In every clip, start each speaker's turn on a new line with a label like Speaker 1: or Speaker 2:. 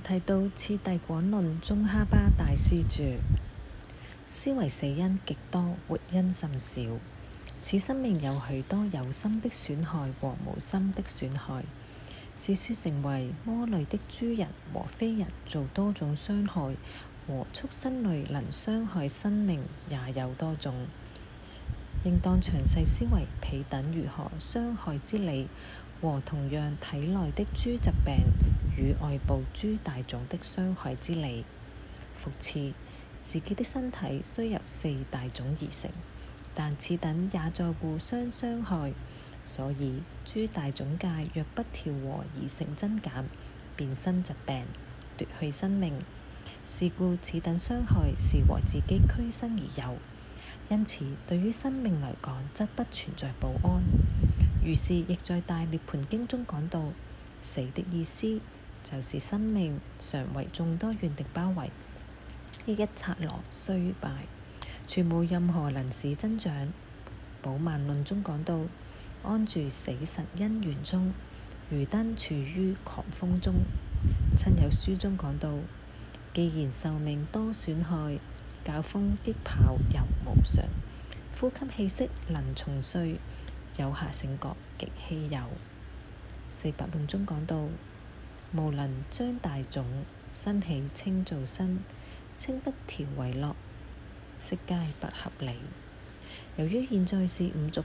Speaker 1: 提到次第廣論中哈巴大師住思維死因極多，活因甚少。此生命有許多有心的損害和無心的損害。此書成為魔類的諸人和非人做多種傷害和畜生類能傷害生命也有多種，應當詳細思維彼等如何傷害之理。和同樣體內的諸疾病與外部諸大種的傷害之理。復次，自己的身體雖由四大種而成，但此等也在互相傷害，所以諸大種界若不調和而成增減，變生疾病，奪去生命，是故此等傷害是和自己俱身而有。因此，對於生命來講，則不存在保安。於是，亦在《大涅槃經》中講到，死的意思就是生命常為眾多怨敵包圍，一一拆落，衰敗，全無任何臨時增長。《寶曼論》中講到，安住死神恩怨中，如登處於狂風中。親友書中講到，既然壽命多損害。教風激跑又無常，呼吸氣息能重睡，有下性覺極稀有。《四百論》中講到，無論將大種生起清做身，清得調為樂，色皆不合理。由於現在是五濁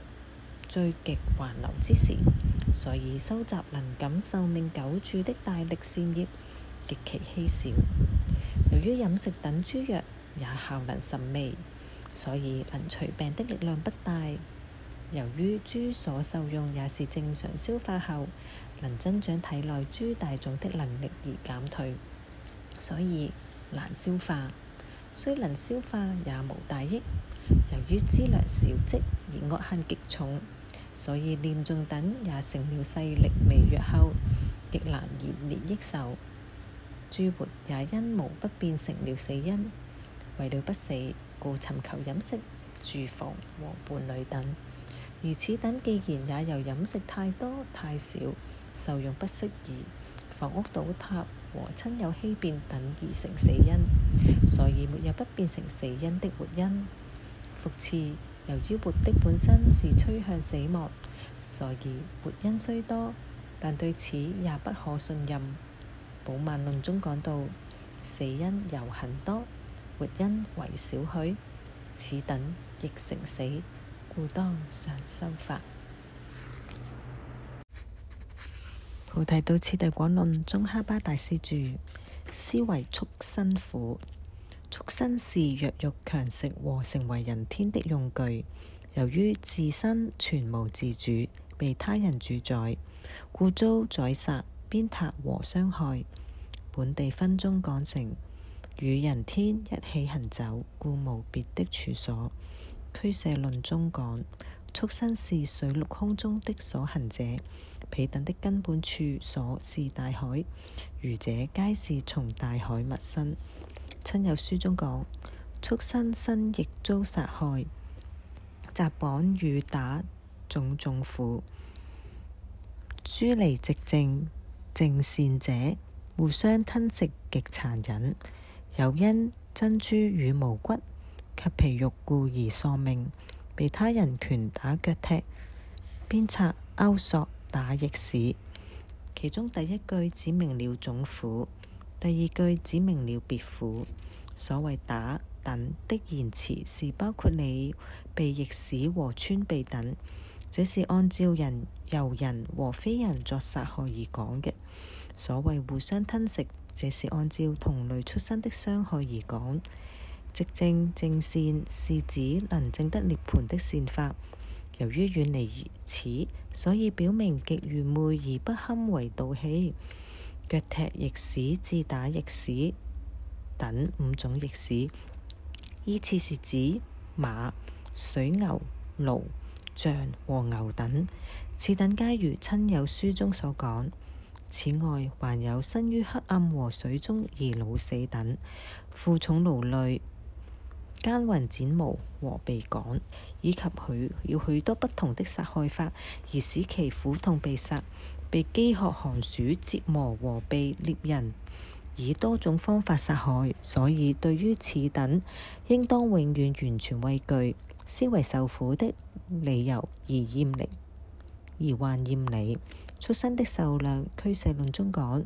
Speaker 1: 最極橫流之時，所以收集能感受命久住的大力善業極其稀少。由於飲食等諸藥。也效能甚微，所以能除病的力量不大。由於諸所受用也是正常消化後能增長體內諸大眾的能力而減退，所以難消化。雖能消化也無大益。由於脂量少積而惡行極重，所以念中等也成了勢力微弱後，極難延年益壽。諸活也因無不變成了死因。為了不死，故尋求飲食、住房和伴侶等。如此等，既然也由飲食太多太少、受用不適宜、房屋倒塌和親友欺騙等而成死因，所以沒有不變成死因的活因。復次，由於活的本身是趨向死亡，所以活因雖多，但對此也不可信任。《寶曼論》中講到，死因有很多。活因為少許，此等亦成死，故當常修法。菩提道次第廣論，中哈巴大師住思維畜生苦，畜生是弱肉強食和成為人天的用具。由於自身全無自主，被他人主宰，故遭宰殺鞭、鞭撻和傷害。本地分中講成。與人天一起行走，故無別的處所。俱舍論中講，畜生是水陸空中的所行者，彼等的根本處所是大海，愚者皆是從大海物身。親友書中講，畜生身亦遭殺害，紮綁與打種種苦。諸離寂靜、淨善者，互相吞食，極殘忍。有因珍珠與毛骨及皮肉故而喪命，被他人拳打腳踢、鞭策、勾索打、打役使。其中第一句指明了總苦，第二句指明了別苦。所謂打等的言詞是包括你被役使和穿被等，這是按照人由人和非人作殺害而講嘅。所謂互相吞食。這是按照同類出身的傷害而講，即正正善是指能正得涅槃的善法。由於遠離如此，所以表明極愚昧而不堪為道器。腳踢逆屎、自打逆屎等五種逆屎，依次是指馬、水牛、驢、象和牛等。此等皆如親友書中所講。此外，還有生於黑暗和水中而老死等，負重勞累、艱雲剪毛和被趕，以及許要許多不同的殺害法，而使其苦痛被殺、被飢渴寒暑折磨和被獵人以多種方法殺害。所以，對於此等，應當永遠完全畏懼，思維受苦的理由而厭離。而患厭你，畜生的壽量趨勢論中講，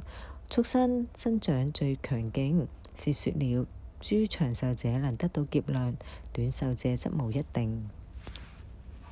Speaker 1: 畜生生長最強勁，是説了，諸長壽者能得到劫量，短壽者則無一定。